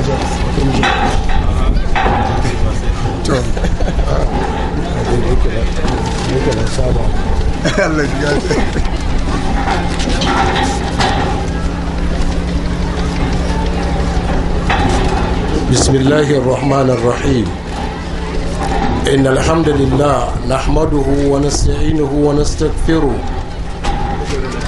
حاجات بسم الله الرحمن الرحيم إن الحمد لله نحمده ونستعينه ونستغفره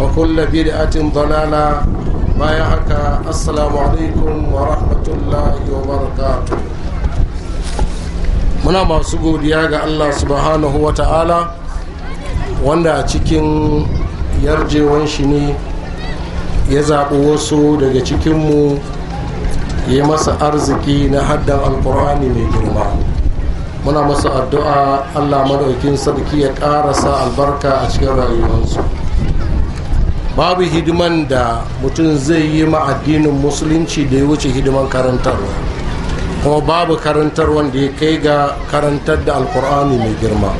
وكل بدعة ضلالة ما يحكى السلام عليكم ورحمة الله وبركاته muna masu godiya ga allah subhanahu wa ta'ala wanda a cikin yarjewan shi ne ya zaɓi wasu daga cikinmu ya masa arziki na haddan alkur'ani mai girma muna masa addu'a allah madaukin sarki ya ƙarasa albarka a cikin rayuwarsu babu hidiman da mutum zai yi ma addinin musulunci da ya wuce hidiman karantarwa kuma babu karantarwa da ya kai ga karantar da alkur'ani mai girma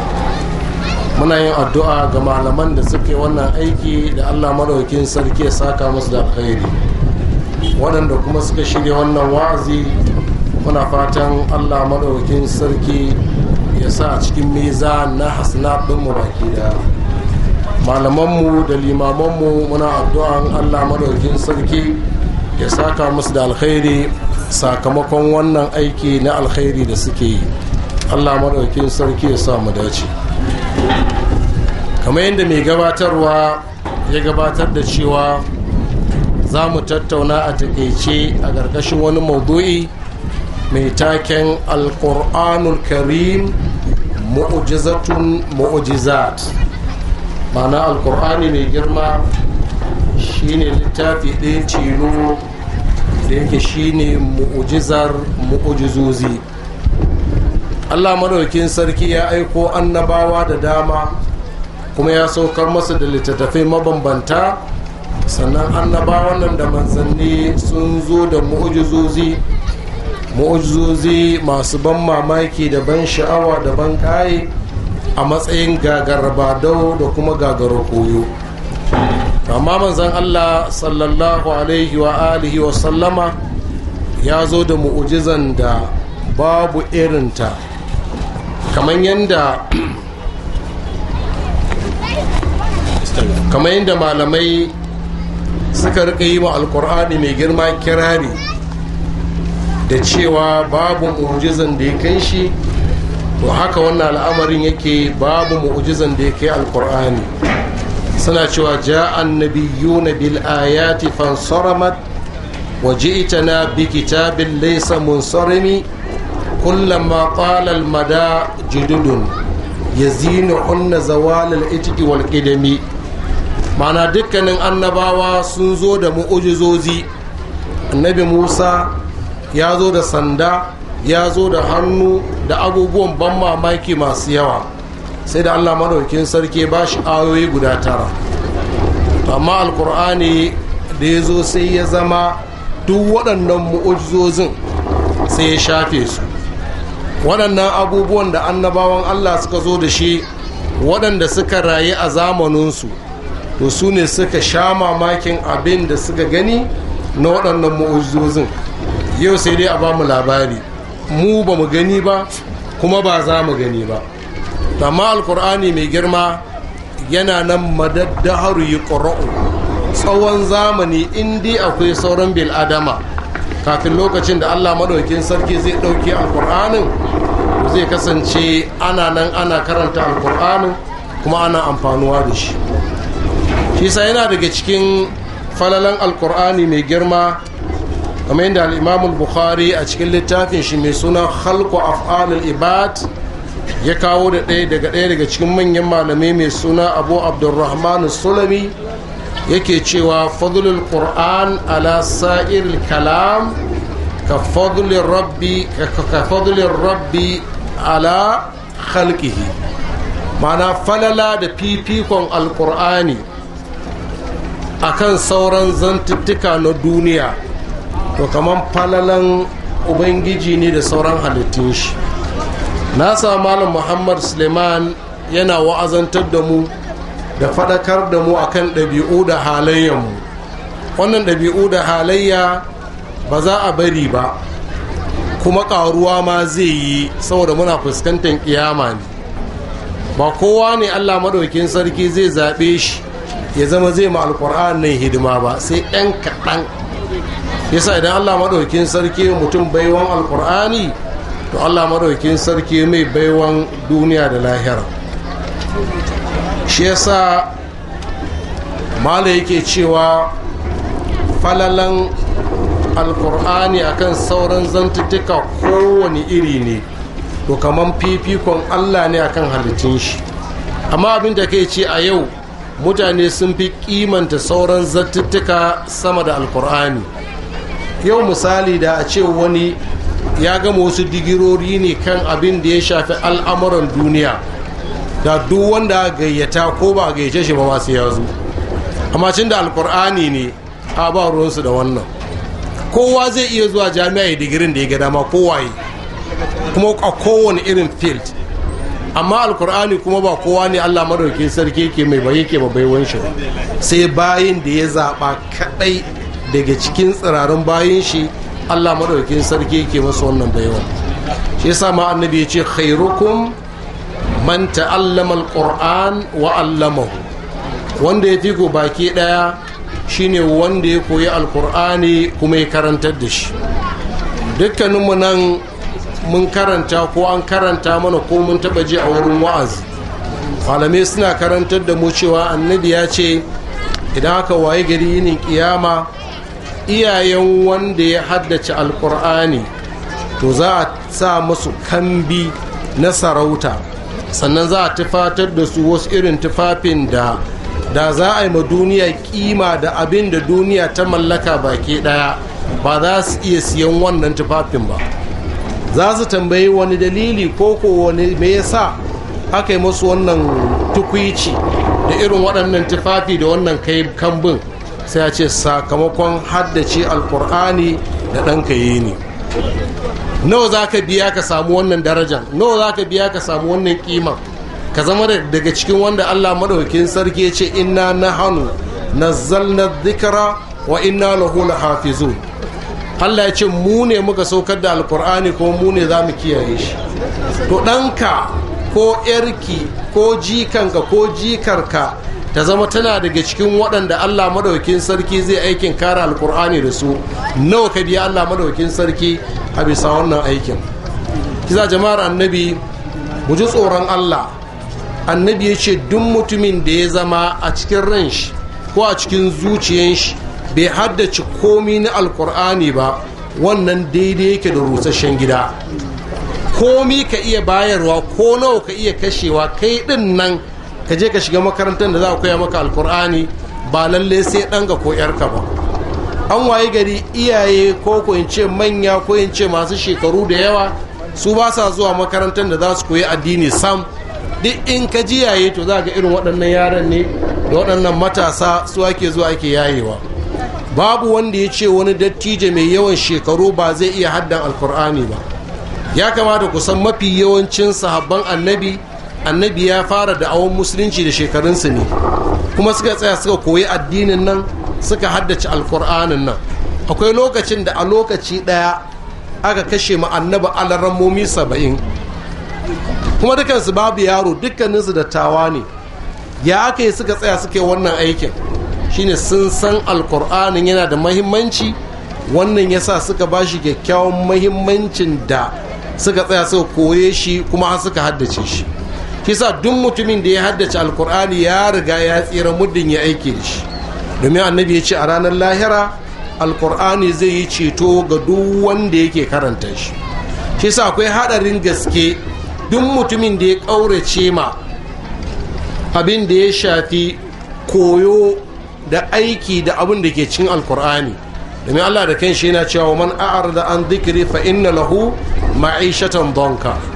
muna yin addu'a ga malaman da suke wannan aiki da allah maɗaukin sarki ya saka musu da alkhairi waɗanda kuma suka shirya wannan wa'azi muna fatan allah maɗaukin sarki ya sa a cikin miza na hasna ɗin mu baki daya malamanmu da limamanmu muna addu'an allah madaukin sarki ya saka musu da alkhairi sakamakon wannan aiki na alkhairi da suke yi allah madaukin sarki ya sa dace kamar yadda mai gabatarwa ya gabatar da cewa za mu tattauna a takaice a ƙarƙashin wani maudu'i mai taken alƙur'anul karim mu'ujizatun mu'ujizat ma'ana alkur'ani mai girma shine littafi ɗaya tilo da yake shine mu'ujizar mu'ujizozi allah maɗaukin sarki ya aiko annabawa da dama kuma ya saukar masa da littattafai mabambanta sannan annabawan nan da manzanni sun zo da mu'ujizozi mu'ujizozi masu ban mamaki da ban sha'awa da ban kaye a matsayin gagarbadau da kuma gagaro koyo amma manzan allah sallallahu alaihi wa alihi wa sallama ya zo da mu'ujizan da babu irinta kamar yadda kamar yadda malamai suka rika yi wa alkur'ani mai girma kirari da cewa babu mu'ujizan da ya kai shi to haka wannan al'amarin yake babu mu'ujizan da ya kai alkur'ani suna cewa annabi Yuna bil ayati Waje wa na bi kitabin laysa munsarimi kullama qala al mada jududun yazinu hunna zawal al itqi wal qidami mana dukkanin annabawa sun zo da mu'ujizozi annabi Musa ya zo da sanda ya zo da hannu da abubuwan ban mamaki masu yawa sai da allah maɗaukin sarki ba shi ayoyi guda tara amma alkur'ani da ya zo sai ya zama duk waɗannan mu'ujizozin sai ya shafe su waɗannan abubuwan da annabawan allah suka zo da shi waɗanda suka rayu a zamaninsu to su ne suka sha mamakin abin da suka gani na waɗannan mu'ujizozin yau sai dai a ba mu labari mu ba mu gani ba kuma ba za mu gani ba amma alkur'ani mai girma yana nan madaddaharu yi ƙura'u. tsawon zamani indi akwai sauran bil'adama kafin lokacin da allah maɗaukin sarki zai ɗauki alkur'anin zai kasance ana nan ana karanta alkur'anin kuma ana amfanuwa da shi shi yana daga cikin falalan alkur'ani mai girma kamar yadda al'imamul bukhari a cikin littafin shi mai suna halko af'alul ibad ya kawo da ɗaya daga ɗaya daga cikin manyan malamai mai suna abu abdulrahman sulami yake cewa fadlul qur'an ala sa'iril kalam ka fadlul rabbi ka fadlul rabbi ala khalqihi ma'ana falala da fifikon alqur'ani akan sauran zantuttuka na duniya to kamar falalan ubangiji ne da sauran halittun shi na samu malam muhammad suleiman yana wa'azantar da mu da faɗakar da mu akan ɗabi'u da mu. wannan ɗabi'u da halayya ba za a bari ba kuma ƙaruwa ma zai yi saboda muna fuskantar ƙiyama ne ba kowa ne allah maɗaukin sarki zai zaɓe shi ya zama zai ma alƙur'an nan hidima ba sai ɗan kaɗan yasa idan allah maɗaukin sarki mutum baiwan alkur'ani to allah maɗaukin sarki mai baiwan duniya da lahira shi yasa mala yake cewa falalan alkur'ani akan sauran zantuttuka kowane iri ne to kamar fifikon allah ne akan halittun shi amma abin da kai ce a yau mutane sun fi kimanta sauran zantuttuka sama da alkur'ani yau misali da a ce wani ya gama wasu digirori ne kan abin da ya shafi al'amuran duniya da duk wanda gayyata ko ba gayyace shi ba masu ya amma cin da alkur'ani ne a ba ruwansu da wannan kowa zai iya zuwa jami'a ya digirin da ya ga dama kowaye kuma a kowane irin field amma alkur'ani kuma ba kowa ne allah madaukin sarki yake mai bayi ke ba baiwan shi sai bayin da ya zaba kadai daga cikin tsirarin bayan shi allah maɗaukin sarki ke masa wannan baiwa shi yasa ma annabi ya ce khairukum man ta'allama alquran wa allamahu wanda ya fi ko baki ɗaya shine wanda ya koyi alkur'ani kuma ya karantar da shi dukkaninmu nan mun karanta ko an karanta mana ko mun taɓa ji a wurin wa'azi malamai suna karantar da mu cewa annabi ya ce idan aka waye gari yinin kiyama iyayen wanda ya haddace alkur'ani to za a sa musu kambi na sarauta sannan za a tufatar da su wasu irin tufafin da da za a yi ma duniya kima da abin da duniya ta mallaka baki daya ba za su iya siyan wannan tufafin ba za su tambayi wani dalili ko ko wani me yasa aka yi musu wannan tukwici da irin waɗannan tufafi da wannan kambin sai a ce sakamakon haddace alkur'ani da ɗanka yi ne nawa za ka biya ka samu wannan darajan nawa za ka biya ka samu wannan kima ka zama daga cikin wanda allah maɗaukin sarki ya ce inna na hannu na nazzalna zikara wa inna lahu hafizu allah ya ce mu ne muka saukar da alkur'ani ko mu ne za mu kiyaye shi to ɗanka ko ko jikanka ko jikarka ta zama tana daga cikin waɗanda allah maɗaukin sarki zai aikin kara alkur'ani da su nawa ka biya allah maɗaukin sarki a bisa wannan aikin kisa jama'ar annabi mu ji tsoron allah annabi ya ce duk mutumin da ya zama a cikin ran shi ko a cikin zuciyar shi bai haddace komi na alkur'ani ba wannan daidai yake da rusasshen gida komi ka iya bayarwa ko nawa ka iya kashewa kai din nan ka je ka shiga makarantar da za a koya maka alkur'ani ba lalle sai ga ko ka ba an waye gari iyaye ko ko in ce manya ko in ce masu shekaru da yawa su ba sa zuwa makarantar da za su koyi addini sam duk in ka ji yaye to za ga irin waɗannan yaran ne da waɗannan matasa su ake zuwa ake yayewa babu wanda ya ce wani dattijo mai yawan shekaru ba zai iya haddan alkur'ani ba ya kamata ku san mafi yawancin sahabban annabi annabi ya fara da awon musulunci da shekarunsu ne kuma suka tsaya suka koyi addinin nan suka haddace alkur'anin nan akwai lokacin da a lokaci ɗaya aka kashe mu annabi momi saba'in kuma dukansu babu yaro dukkaninsu da tawa ne ya aka yi suka tsaya suka yi wannan aikin shine sun san alkur'anin yana da mahimmanci wannan yasa suka ba shi kyakkyawan mahimmancin da suka tsaya suka koye shi kuma an suka haddace shi kisa duk mutumin da ya haddace alkur'ani ya riga ya tsira muddin ya aike da shi domin annabi ya ce a ranar lahira alkur'ani zai yi ceto ga duk wanda yake karanta shi kisa akwai hadarin gaske duk mutumin da ya ƙaurace ma abin da ya shafi koyo da aiki da abin da ke cin alkur'ani domin allah da kan shi yana cewa man a'ar da an zikiri fa inna lahu ma'aishatan donka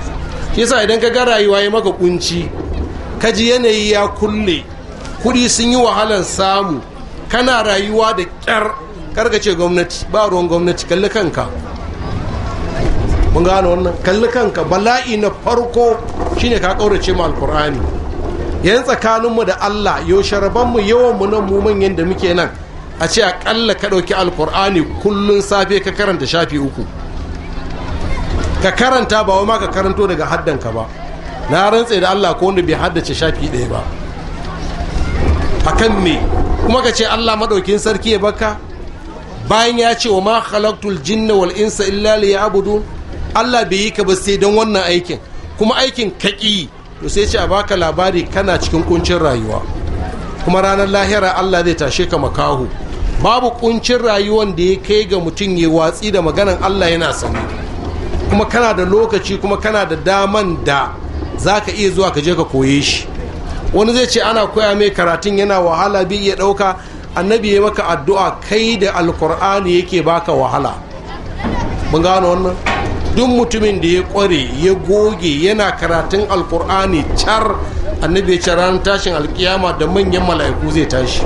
yasa idan ka ga rayuwa ya maka kunci ka ji yanayi ya kulle kudi sun yi wahalar samu kana rayuwa da kyar karka ce gwamnati ba ruwan gwamnati kalli kanka mun wannan kalli kanka bala'i na farko shine ka kaurace mu alkur'ani yan tsakaninmu da Allah yau sharabanmu yawan mu nan mu manyan da muke nan a ce a akalla ka ɗauki alkur'ani kullun safe ka karanta shafi uku ka karanta ba wa ma ka karanto daga haddanka ba na rantse da Allah ko wanda bai haddace shafi ɗaya ba kan me kuma ka ce Allah maɗaukin sarki ya baka bayan ya ce wa ma khalaqtul jinna wal insa illa abudu Allah bai yi ka ba sai don wannan aikin kuma aikin kaƙi to sai ce a baka labari kana cikin kuncin rayuwa kuma ranar lahira Allah zai tashe ka makahu babu kuncin rayuwan da ya kai ga mutum ya watsi da maganan Allah yana sani kuma kana da lokaci kuma kana da daman da za ka iya zuwa ka je ka koye shi wani zai ce ana koya mai karatun yana wahala bi ya ɗauka annabi ya maka addu'a kai da alkur'ani yake baka wahala mun gano wannan duk mutumin da ya kware ya goge yana karatun alkur'ani car annabi ya ce ranar tashin alkiyama da manyan mala'iku zai tashi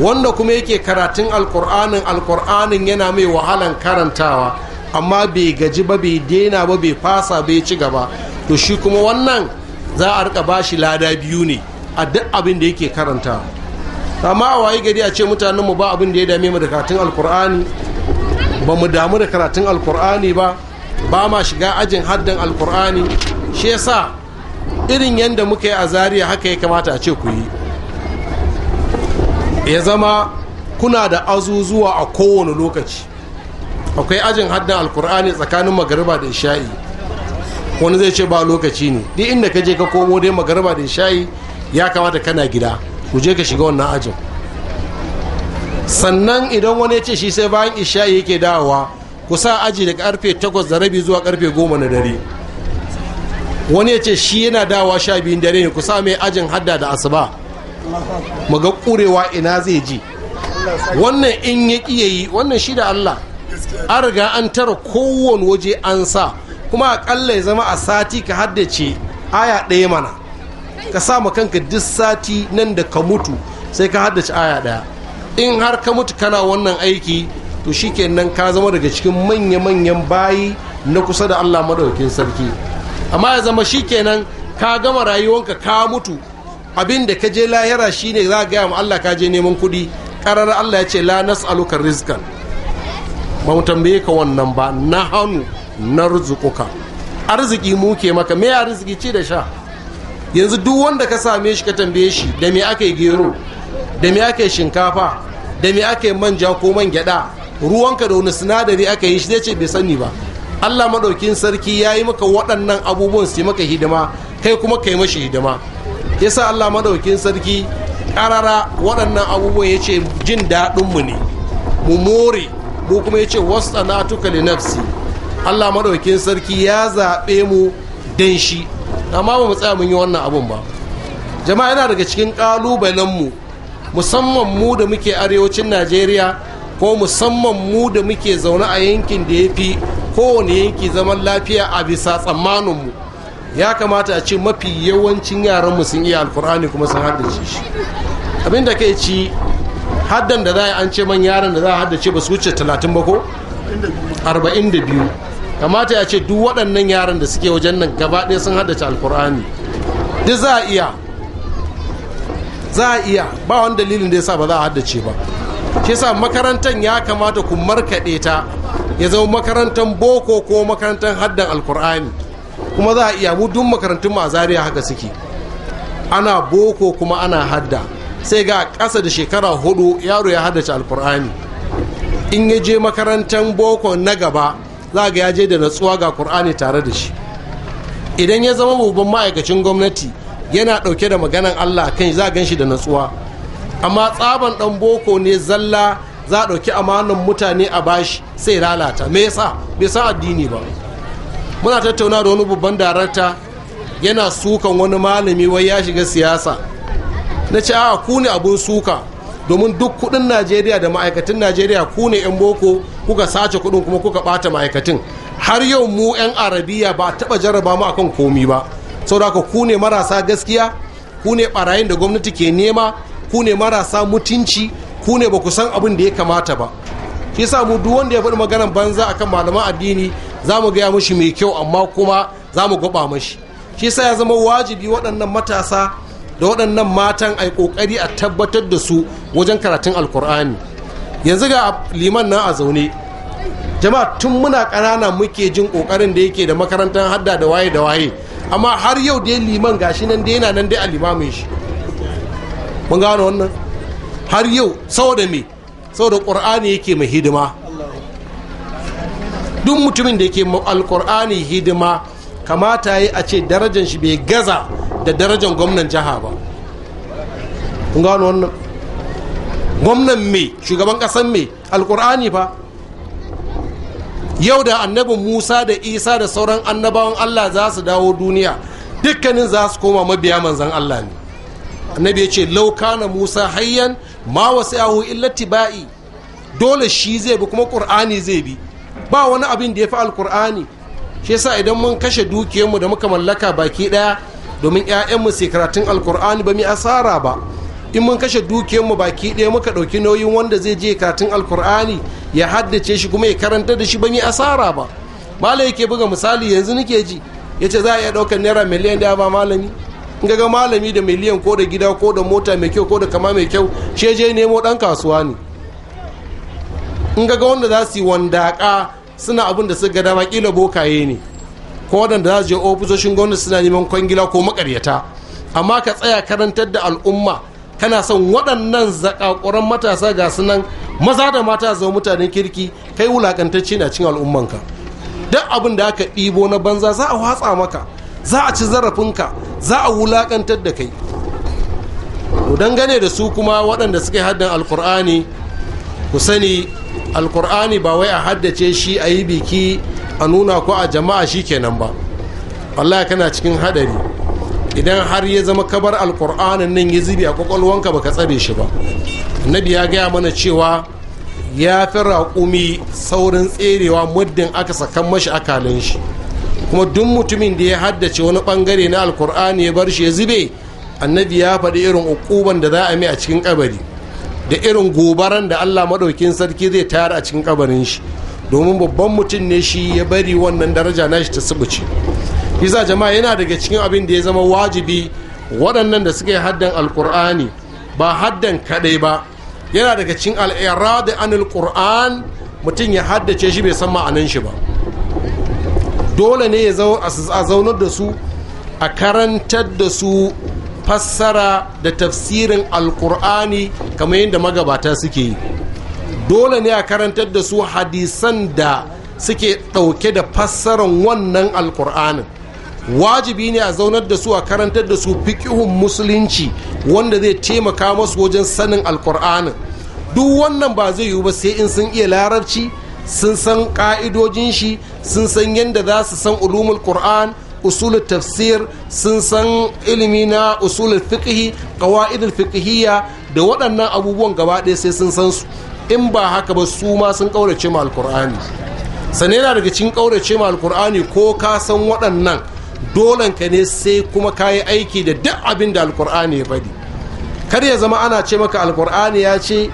wanda kuma yake karatun alkur'anin alkur'anin yana mai wahalan karantawa amma bai gaji ba bai daina ba bai fasa bai ci gaba to shi kuma wannan za a rika bashi lada biyu ne a duk abin da yake karanta amma a wayi gari a ce mutanen mu ba abin da ya dame mu da karatun alkur'ani ba mu damu da karatun alkur'ani ba ba ma shiga ajin haddan alkur'ani shi yasa irin yadda muka yi a zariya haka ya kamata a ce ku yi ya zama kuna da azuzuwa a kowane lokaci akwai ajin haddan alkur'ani tsakanin magariba da isha'i wani zai ce ba lokaci ne duk inda ka je ka komo dai magariba da isha'i ya kamata kana gida ku je ka shiga wannan ajin sannan idan wani ya ce shi sai bayan isha'i yake dawowa ku sa aji daga karfe 8 da rabi zuwa karfe 10 na dare wani ya ce shi yana dawowa sha biyun dare ne ku sa mai ajin hadda da asuba mu ga kurewa ina zai ji wannan in ya ƙi wannan shi da Allah an riga an tara kowane waje an sa kuma akalla ya zama a sati ka haddace aya ɗaya mana ka sa ma kanka duk sati nan da ka mutu sai ka haddace aya ɗaya in har ka mutu kana wannan aiki to shikenan ka zama daga cikin manya-manyan bayi na kusa da allah maɗaukin sarki amma ya zama shikenan ka gama rayuwanka ka mutu abin da ka je layara shine za a gaya ma allah ka je neman kuɗi ƙarar allah ya ce la nas'aluka rizkan ba mu tambaye ka wannan ba na hannu na rizukuka arziki mu ke maka me arziki ci da sha yanzu duk wanda ka same shi ka tambaye shi da me aka gero da me aka shinkafa da me aka yi manja ko man gyada ruwanka da wani sinadari aka yi shi zai ce bai sani ba Allah maɗaukin sarki ya yi maka waɗannan abubuwan su maka hidima kai kuma kai mashi hidima yasa Allah maɗaukin sarki ƙarara waɗannan abubuwan ya ce jin daɗinmu ne mu more mu kuma ya ce wasanatuka tuka nafsi Allah maɗaukin sarki ya zaɓe mu don shi amma ba mu tsaya mun yi wannan abun ba jama'a yana daga cikin ƙalubalen mu musamman mu da muke arewacin Najeriya ko musamman mu da muke zaune a yankin da ya fi kowane yanki zaman lafiya a bisa tsammanin mu ya kamata a ce mafi yawancin yaran mu sun iya alkur'ani kuma sun haddace shi abin da kai ci haddan da za a an ce man yaran da za a haddace ba su wuce talatin ba ko arba'in kamata ya ce duk waɗannan yaran da suke wajen nan gaba ɗaya sun haddace alkur'ani duk za a iya ba wani dalilin da ya sa ba za a haddace ba shi sa makarantar ya kamata ku markaɗe ta ya zama makarantar boko ko makarantar haddan alkur'ani kuma za a iya mu duk makarantun ma zariya haka suke ana boko kuma ana hadda sai ga ƙasa da shekara hudu yaro ya haddace alkur'ani in ya je makarantar boko na gaba za ga ya je da natsuwa ga kur'ani tare da shi idan ya zama babban ma'aikacin gwamnati yana ɗauke da maganan allah kan za gan shi da natsuwa amma tsaban ɗan boko ne zalla za a ɗauki amanan mutane a bashi sai lalata me yasa bai san addini ba muna tattauna da wani babban darakta yana sukan wani malami wai ya shiga siyasa na ce a ku ne abun suka domin duk kudin najeriya da ma'aikatan najeriya ku ne 'yan boko kuka sace kudin kuma kuka bata ma'aikatan har yau mu 'yan arabiya ba taba jarraba mu akan komi ba saboda ku ne marasa gaskiya ku ne barayin da gwamnati ke nema ku ne marasa mutunci ku ne ba ku san abin da ya kamata ba shi sa mu duk wanda ya faɗi maganar banza akan malaman addini za mu gaya mashi mai kyau amma kuma za mu gaba mashi shi sa ya zama wajibi waɗannan matasa da waɗannan matan a ƙoƙari a tabbatar da su wajen karatun alkur'ani yanzu ga liman nan a zaune jama'a tun muna ƙanana muke jin ƙoƙarin da yake da makarantar hadda da waye da waye amma har yau dai liman gashi nan dai yana nan dai a limamin shi mun gano wannan har yau saboda me saboda ƙur'ani yake mai hidima duk mutumin da yake alƙur'ani hidima kamata yi a ce darajar shi bai gaza da darajar gwamnan jiha ba gano wannan gwamnan me shugaban kasan me alkur'ani fa yau da annabin musa da isa da sauran annabawan allah za su dawo duniya dukkanin za su koma mabiya manzan allah ne annabi ya ce laukana musa hayyan ma wasu yahu illati ba'i dole shi zai bi kuma ƙur'ani zai bi ba wani abin da ya fi alkur'ani shi yasa idan mun kashe dukiyarmu da muka mallaka baki ɗaya domin 'ya'yanmu sai karatun alkur'ani ba mu asara ba in mun kashe dukiyarmu baki ɗaya muka ɗauki nauyin wanda zai je karatun alkur'ani ya haddace shi kuma ya karanta da shi ba mu asara ba malam yake buga misali yanzu nake ji ya ce za a iya ɗaukar naira miliyan ɗaya ba malami in ga malami da miliyan ko da gida ko da mota mai kyau ko da kama mai kyau shi je nemo ɗan kasuwa ne in ga wanda za su yi wandaƙa suna abin da suka ga dama kila bokaye ne ko waɗanda za su je ofisoshin gwamnati suna neman kwangila ko makaryata amma ka tsaya karantar da al'umma kana son waɗannan zakakuran matasa ga su nan maza da mata zama mutanen kirki kai wulakantacce na cin al'ummanka duk abin da aka ɗibo na banza za a watsa maka za a ci zarafinka za a wulakantar da kai ku dangane da su kuma waɗanda suka yi haddan alkur'ani ku sani alkur'ani ba wai a haddace shi a yi biki a nuna ko a jama'a shi kenan ba wallahi kana cikin hadari idan har ya zama kabar alkur'anin nan ya zubi a kwakwalwanka baka tsare shi ba annabi ya gaya mana cewa ya fi raƙumi saurin tserewa muddin aka sakan mashi akalin shi kuma duk mutumin da ya haddace wani bangare na alkur'ani ya bar shi ya zube annabi ya faɗi irin ukuban da za a mai a cikin kabari da irin gobaran da allah maɗaukin sarki zai tayar a cikin kabarin shi domin babban mutum ne shi ya bari wannan daraja na shi ta subuce iza jama'a yana daga cikin abin da ya zama wajibi waɗannan da suka yi haddan alkur'ani ba haddan kaɗai ba yana daga cikin da an alkur'an mutum ya haddace shi bai san ma'anan shi ba dole ne a zaunar da su a karantar da su fassara da tafsirin alkur'ani kamar yadda magabata suke yi dole ne a karantar da su hadisan da suke ɗauke da fassarar wannan alkur'anin wajibi ne a zaunar da su a karantar da su fikihun musulunci wanda zai taimaka masu wajen sanin alkur'anin duk wannan ba zai yiwu ba sai in sun iya lararci sun san ƙa'idojin shi sun san yadda za su san ulumul qur'an tafsir sun san ilimi na usulun fiqhi ƙawa'idun fiqhiyya da waɗannan abubuwan gaba ɗaya sai sun san su in ba haka ba su ma sun kaurace ma alkur'ani sannan yana daga cikin kaurace ma alkur'ani ko ka san waɗannan ka ne sai kuma ka yi aiki da duk abin da alkur'ani ya faɗi kar ya zama ana ce maka alkur'ani ya ce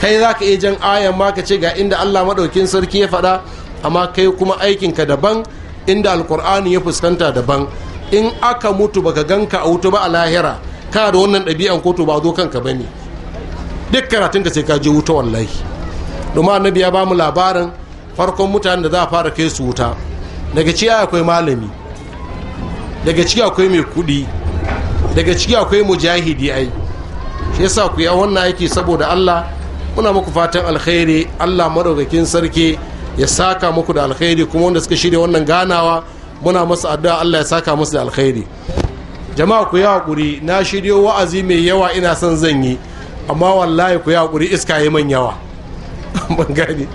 kai za ka iya jan ayan ma ka ce ga inda allah maɗaukin sarki ya faɗa amma kai kuma aikin ka daban inda alkur'ani ya fuskanta daban in aka mutu baka ganka a wuta ba a lahira kana da wannan ɗabi'an kotu ba zo kanka ba ne duk karatun ka sai ka je wuta wallahi domin annabi ya ba mu labarin farkon mutanen da za a fara kai su wuta daga ciki akwai malami daga ciki akwai mai kuɗi daga ciki akwai mujahidi ai shi yasa ku yi wannan aiki saboda Allah muna muku fatan alkhairi Allah madaukakin sarki ya saka muku da alkhairi kuma wanda suka shirya wannan ganawa muna masu addu'a Allah ya saka musu da alkhairi jama'a ku yi hakuri na shiryo wa'azi mai yawa ina son zan yi amma wallahi ku ya hakuri iska yi man yawa ban gane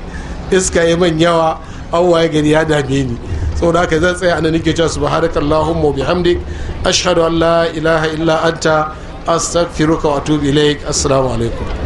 iska yi man yawa waye gani ya dame ni saboda haka zan tsaya anan nake cewa subhanaka allahumma wa bihamdik ashhadu an la ilaha illa anta astaghfiruka wa atubu ilaik assalamu alaikum